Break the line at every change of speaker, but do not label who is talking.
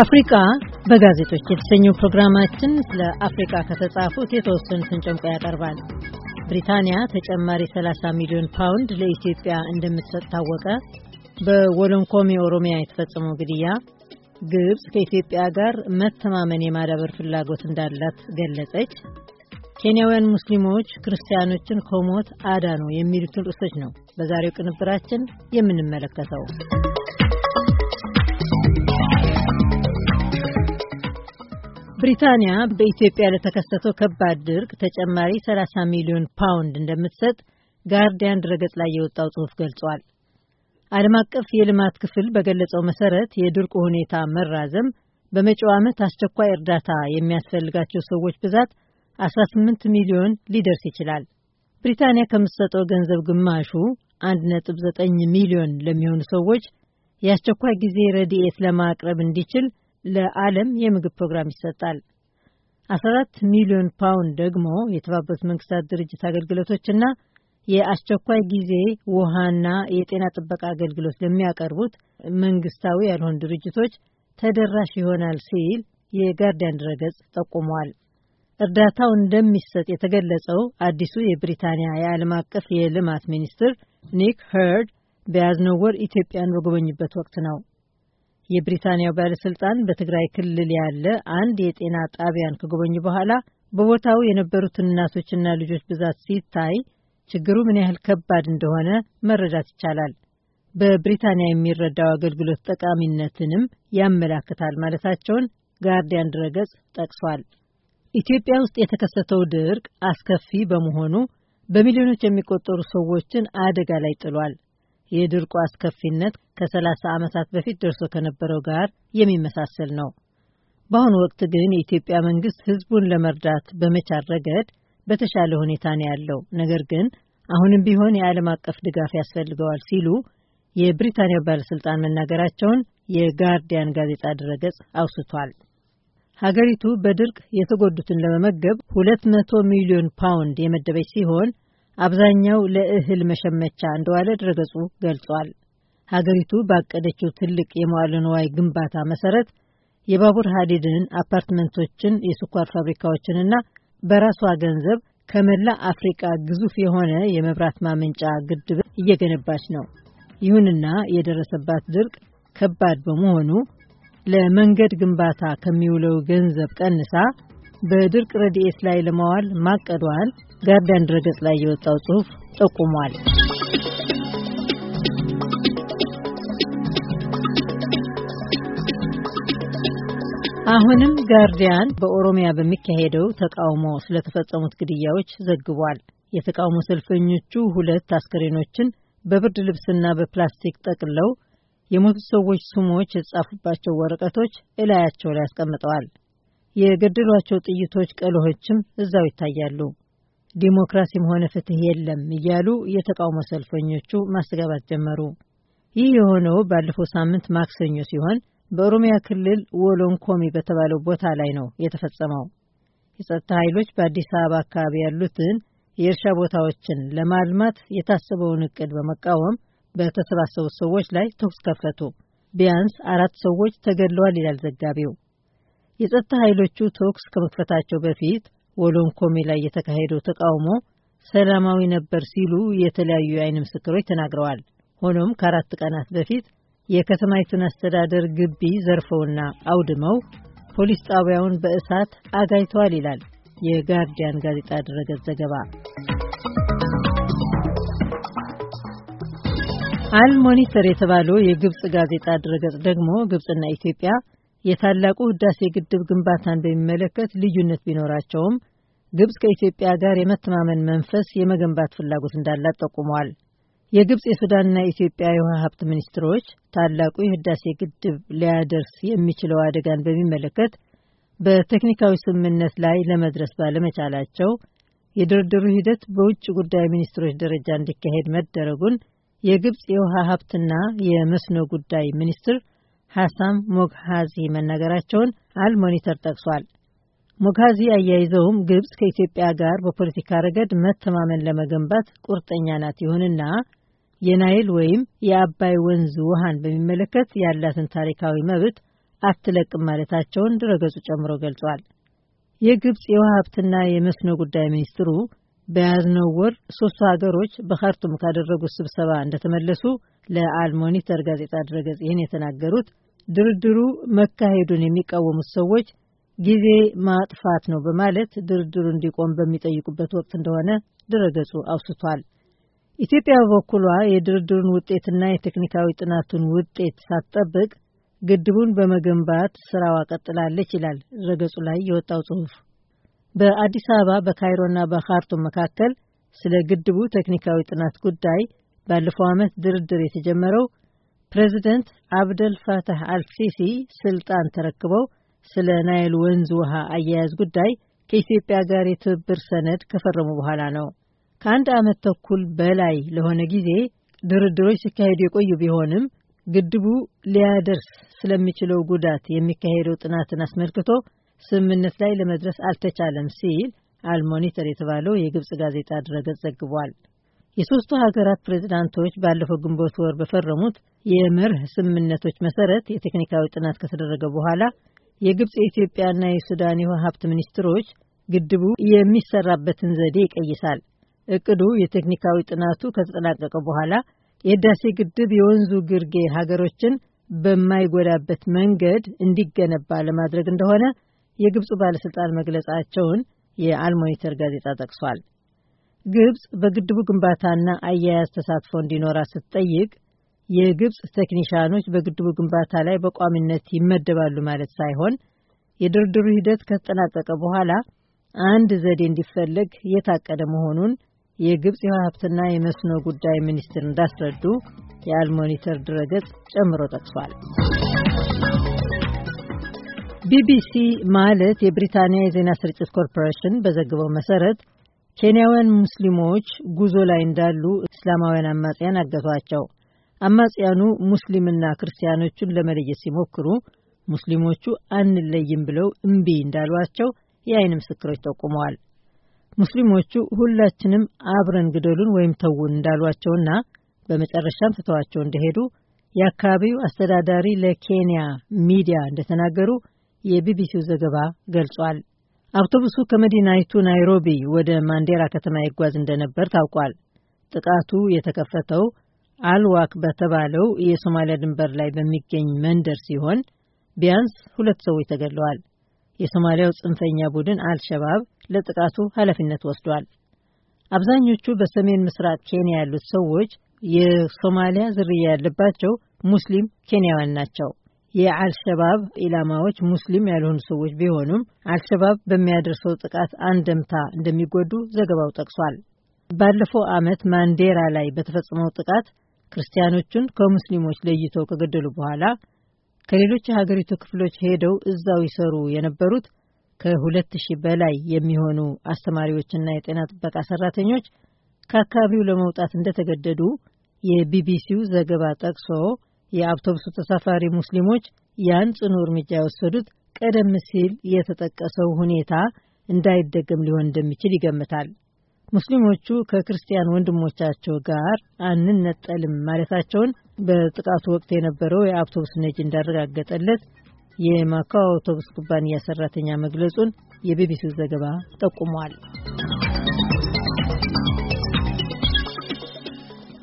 አፍሪካ በጋዜጦች የተሰኘው ፕሮግራማችን ስለ አፍሪካ ከተጻፉት የተወሰኑትን ጨምቆ ያቀርባል። ብሪታንያ ተጨማሪ 30 ሚሊዮን ፓውንድ ለኢትዮጵያ እንደምትሰጥ ታወቀ፣ በወሎንኮሚ ኦሮሚያ የተፈጸመው ግድያ፣ ግብፅ ከኢትዮጵያ ጋር መተማመን የማዳበር ፍላጎት እንዳላት ገለጸች፣ ኬንያውያን ሙስሊሞች ክርስቲያኖችን ከሞት አዳኑ የሚሉትን ርዕሶች ነው በዛሬው ቅንብራችን የምንመለከተው። ብሪታንያ በኢትዮጵያ ለተከሰተው ከባድ ድርቅ ተጨማሪ 30 ሚሊዮን ፓውንድ እንደምትሰጥ ጋርዲያን ድረገጽ ላይ የወጣው ጽሑፍ ገልጿል። ዓለም አቀፍ የልማት ክፍል በገለጸው መሰረት የድርቁ ሁኔታ መራዘም በመጪው ዓመት አስቸኳይ እርዳታ የሚያስፈልጋቸው ሰዎች ብዛት 18 ሚሊዮን ሊደርስ ይችላል። ብሪታንያ ከምትሰጠው ገንዘብ ግማሹ 1.9 ሚሊዮን ለሚሆኑ ሰዎች የአስቸኳይ ጊዜ ረድኤት ለማቅረብ እንዲችል ለዓለም የምግብ ፕሮግራም ይሰጣል። 14 ሚሊዮን ፓውንድ ደግሞ የተባበሩት መንግስታት ድርጅት አገልግሎቶችና የአስቸኳይ ጊዜ ውሃና የጤና ጥበቃ አገልግሎት ለሚያቀርቡት መንግስታዊ ያልሆኑ ድርጅቶች ተደራሽ ይሆናል ሲል የጋርዲያን ድረገጽ ጠቁሟል። እርዳታው እንደሚሰጥ የተገለጸው አዲሱ የብሪታንያ የዓለም አቀፍ የልማት ሚኒስትር ኒክ ሄርድ በያዝነው ወር ኢትዮጵያን በጎበኙበት ወቅት ነው። የብሪታንያው ባለስልጣን በትግራይ ክልል ያለ አንድ የጤና ጣቢያን ከጎበኙ በኋላ በቦታው የነበሩትን እናቶችና ልጆች ብዛት ሲታይ ችግሩ ምን ያህል ከባድ እንደሆነ መረዳት ይቻላል። በብሪታንያ የሚረዳው አገልግሎት ጠቃሚነትንም ያመላክታል ማለታቸውን ጋርዲያን ድረገጽ ጠቅሷል። ኢትዮጵያ ውስጥ የተከሰተው ድርቅ አስከፊ በመሆኑ በሚሊዮኖች የሚቆጠሩ ሰዎችን አደጋ ላይ ጥሏል። የድርቁ አስከፊነት ከ30 ዓመታት በፊት ደርሶ ከነበረው ጋር የሚመሳሰል ነው። በአሁኑ ወቅት ግን የኢትዮጵያ መንግስት ህዝቡን ለመርዳት በመቻል ረገድ በተሻለ ሁኔታ ነው ያለው፣ ነገር ግን አሁንም ቢሆን የዓለም አቀፍ ድጋፍ ያስፈልገዋል ሲሉ የብሪታንያ ባለሥልጣን መናገራቸውን የጋርዲያን ጋዜጣ ድረገጽ አውስቷል። ሀገሪቱ በድርቅ የተጎዱትን ለመመገብ 200 ሚሊዮን ፓውንድ የመደበች ሲሆን አብዛኛው ለእህል መሸመቻ እንደዋለ ድረገጹ ገልጿል። ሀገሪቱ ባቀደችው ትልቅ የመዋለ ንዋይ ግንባታ መሰረት የባቡር ሀዲድን፣ አፓርትመንቶችን፣ የስኳር ፋብሪካዎችንና በራሷ ገንዘብ ከመላ አፍሪቃ ግዙፍ የሆነ የመብራት ማመንጫ ግድብ እየገነባች ነው። ይሁንና የደረሰባት ድርቅ ከባድ በመሆኑ ለመንገድ ግንባታ ከሚውለው ገንዘብ ቀንሳ በድርቅ ረድኤት ላይ ለማዋል ማቀዷን ጋርዲያን ድረገጽ ላይ የወጣው ጽሑፍ ጠቁሟል። አሁንም ጋርዲያን በኦሮሚያ በሚካሄደው ተቃውሞ ስለተፈጸሙት ግድያዎች ዘግቧል። የተቃውሞ ሰልፈኞቹ ሁለት አስከሬኖችን በብርድ ልብስና በፕላስቲክ ጠቅልለው የሞቱ ሰዎች ስሞች የተጻፉባቸው ወረቀቶች እላያቸው ላይ አስቀምጠዋል። የገደሏቸው ጥይቶች፣ ቀለሆችም እዛው ይታያሉ። ዲሞክራሲም ሆነ ፍትህ የለም እያሉ የተቃውሞ ሰልፈኞቹ ማስተጋባት ጀመሩ። ይህ የሆነው ባለፈው ሳምንት ማክሰኞ ሲሆን በኦሮሚያ ክልል ወሎንኮሚ በተባለው ቦታ ላይ ነው የተፈጸመው። የጸጥታ ኃይሎች በአዲስ አበባ አካባቢ ያሉትን የእርሻ ቦታዎችን ለማልማት የታሰበውን እቅድ በመቃወም በተሰባሰቡት ሰዎች ላይ ተኩስ ከፈቱ። ቢያንስ አራት ሰዎች ተገድለዋል ይላል ዘጋቢው። የጸጥታ ኃይሎቹ ተኩስ ከመክፈታቸው በፊት ወሎንኮሚ ላይ የተካሄደው ተቃውሞ ሰላማዊ ነበር ሲሉ የተለያዩ የአይን ምስክሮች ተናግረዋል። ሆኖም ከአራት ቀናት በፊት የከተማይቱን አስተዳደር ግቢ ዘርፈውና አውድመው ፖሊስ ጣቢያውን በእሳት አጋይተዋል ይላል የጋርዲያን ጋዜጣ ድረገጽ ዘገባ። አልሞኒተር የተባለው የግብፅ ጋዜጣ ድረገጽ ደግሞ ግብፅና ኢትዮጵያ የታላቁ ህዳሴ ግድብ ግንባታን በሚመለከት ልዩነት ቢኖራቸውም ግብፅ ከኢትዮጵያ ጋር የመተማመን መንፈስ የመገንባት ፍላጎት እንዳላት ጠቁመዋል። የግብፅ የሱዳንና የኢትዮጵያ የውሃ ሀብት ሚኒስትሮች ታላቁ የህዳሴ ግድብ ሊያደርስ የሚችለው አደጋን በሚመለከት በቴክኒካዊ ስምምነት ላይ ለመድረስ ባለመቻላቸው የድርድሩ ሂደት በውጭ ጉዳይ ሚኒስትሮች ደረጃ እንዲካሄድ መደረጉን የግብፅ የውሃ ሀብትና የመስኖ ጉዳይ ሚኒስትር ሐሳም ሞግሃዚ መናገራቸውን አል ሞኒተር ጠቅሷል። ሞግሃዚ አያይዘውም ግብጽ ከኢትዮጵያ ጋር በፖለቲካ ረገድ መተማመን ለመገንባት ቁርጠኛ ናት። ይሁንና የናይል ወይም የአባይ ወንዝ ውሃን በሚመለከት ያላትን ታሪካዊ መብት አትለቅም ማለታቸውን ድረገጹ ጨምሮ ገልጿል። የግብፅ የውሃ ሀብትና የመስኖ ጉዳይ ሚኒስትሩ በያዝነው ወር ሶስቱ ሀገሮች በካርቱም ካደረጉት ስብሰባ እንደተመለሱ ለአልሞኒተር ጋዜጣ ድረገጽ ይህን የተናገሩት ድርድሩ መካሄዱን የሚቃወሙት ሰዎች ጊዜ ማጥፋት ነው በማለት ድርድሩ እንዲቆም በሚጠይቁበት ወቅት እንደሆነ ድረገጹ አውስቷል። ኢትዮጵያ በበኩሏ የድርድሩን ውጤትና የቴክኒካዊ ጥናቱን ውጤት ሳትጠብቅ ግድቡን በመገንባት ስራዋ ቀጥላለች ይላል ድረገጹ ላይ የወጣው ጽሑፍ። በአዲስ አበባ በካይሮና በካርቱም መካከል ስለ ግድቡ ቴክኒካዊ ጥናት ጉዳይ ባለፈው ዓመት ድርድር የተጀመረው ፕሬዚደንት አብደል ፋታህ አልሲሲ ስልጣን ተረክበው ስለ ናይል ወንዝ ውሃ አያያዝ ጉዳይ ከኢትዮጵያ ጋር የትብብር ሰነድ ከፈረሙ በኋላ ነው። ከአንድ ዓመት ተኩል በላይ ለሆነ ጊዜ ድርድሮች ሲካሄዱ የቆዩ ቢሆንም ግድቡ ሊያደርስ ስለሚችለው ጉዳት የሚካሄደው ጥናትን አስመልክቶ ስምምነት ላይ ለመድረስ አልተቻለም ሲል አልሞኒተር የተባለው የግብጽ ጋዜጣ ድረገጽ ዘግቧል። የሶስቱ ሀገራት ፕሬዚዳንቶች ባለፈው ግንቦት ወር በፈረሙት የመርህ ስምምነቶች መሰረት የቴክኒካዊ ጥናት ከተደረገ በኋላ የግብፅ የኢትዮጵያና የሱዳን የውሃ ሀብት ሚኒስትሮች ግድቡ የሚሰራበትን ዘዴ ይቀይሳል፣ እቅዱ የቴክኒካዊ ጥናቱ ከተጠናቀቀ በኋላ የህዳሴ ግድብ የወንዙ ግርጌ ሀገሮችን በማይጎዳበት መንገድ እንዲገነባ ለማድረግ እንደሆነ የግብፁ ባለስልጣን መግለጻቸውን የአልሞኒተር ጋዜጣ ጠቅሷል። ግብጽ በግድቡ ግንባታና አያያዝ ተሳትፎ እንዲኖራ ስትጠይቅ የግብጽ ቴክኒሽያኖች በግድቡ ግንባታ ላይ በቋሚነት ይመደባሉ ማለት ሳይሆን የድርድሩ ሂደት ከተጠናቀቀ በኋላ አንድ ዘዴ እንዲፈለግ የታቀደ መሆኑን የግብጽ የውሃ ሀብትና የመስኖ ጉዳይ ሚኒስትር እንዳስረዱ የአልሞኒተር ድረገጽ ጨምሮ ጠቅሷል። ቢቢሲ ማለት የብሪታንያ የዜና ስርጭት ኮርፖሬሽን በዘግበው መሰረት ኬንያውያን ሙስሊሞች ጉዞ ላይ እንዳሉ እስላማውያን አማጽያን አገቷቸው። አማጽያኑ ሙስሊምና ክርስቲያኖቹን ለመለየት ሲሞክሩ ሙስሊሞቹ አንለይም ብለው እምቢ እንዳሏቸው የአይን ምስክሮች ጠቁመዋል። ሙስሊሞቹ ሁላችንም አብረን ግደሉን ወይም ተውን እንዳሏቸውና በመጨረሻም ትተዋቸው እንደሄዱ የአካባቢው አስተዳዳሪ ለኬንያ ሚዲያ እንደተናገሩ የቢቢሲው ዘገባ ገልጿል። አውቶቡሱ ከመዲናይቱ ናይሮቢ ወደ ማንዴራ ከተማ ይጓዝ እንደነበር ታውቋል። ጥቃቱ የተከፈተው አልዋክ በተባለው የሶማሊያ ድንበር ላይ በሚገኝ መንደር ሲሆን ቢያንስ ሁለት ሰዎች ተገድለዋል። የሶማሊያው ጽንፈኛ ቡድን አልሸባብ ለጥቃቱ ኃላፊነት ወስዷል። አብዛኞቹ በሰሜን ምስራቅ ኬንያ ያሉት ሰዎች የሶማሊያ ዝርያ ያለባቸው ሙስሊም ኬንያውያን ናቸው። የአልሸባብ ኢላማዎች ሙስሊም ያልሆኑ ሰዎች ቢሆኑም አልሸባብ በሚያደርሰው ጥቃት አንደምታ እንደሚጎዱ ዘገባው ጠቅሷል። ባለፈው ዓመት ማንዴራ ላይ በተፈጸመው ጥቃት ክርስቲያኖቹን ከሙስሊሞች ለይተው ከገደሉ በኋላ ከሌሎች የሀገሪቱ ክፍሎች ሄደው እዛው ይሰሩ የነበሩት ከሁለት ሺህ በላይ የሚሆኑ አስተማሪዎችና የጤና ጥበቃ ሰራተኞች ከአካባቢው ለመውጣት እንደተገደዱ የቢቢሲው ዘገባ ጠቅሶ የአውቶቡሱ ተሳፋሪ ሙስሊሞች ያን ጽኑ እርምጃ የወሰዱት ቀደም ሲል የተጠቀሰው ሁኔታ እንዳይደገም ሊሆን እንደሚችል ይገምታል። ሙስሊሞቹ ከክርስቲያን ወንድሞቻቸው ጋር አንነጠልም ማለታቸውን በጥቃቱ ወቅት የነበረው የአውቶቡስ ነጂ እንዳረጋገጠለት የማካው አውቶቡስ ኩባንያ ሰራተኛ መግለጹን የቢቢሲው ዘገባ ጠቁሟል።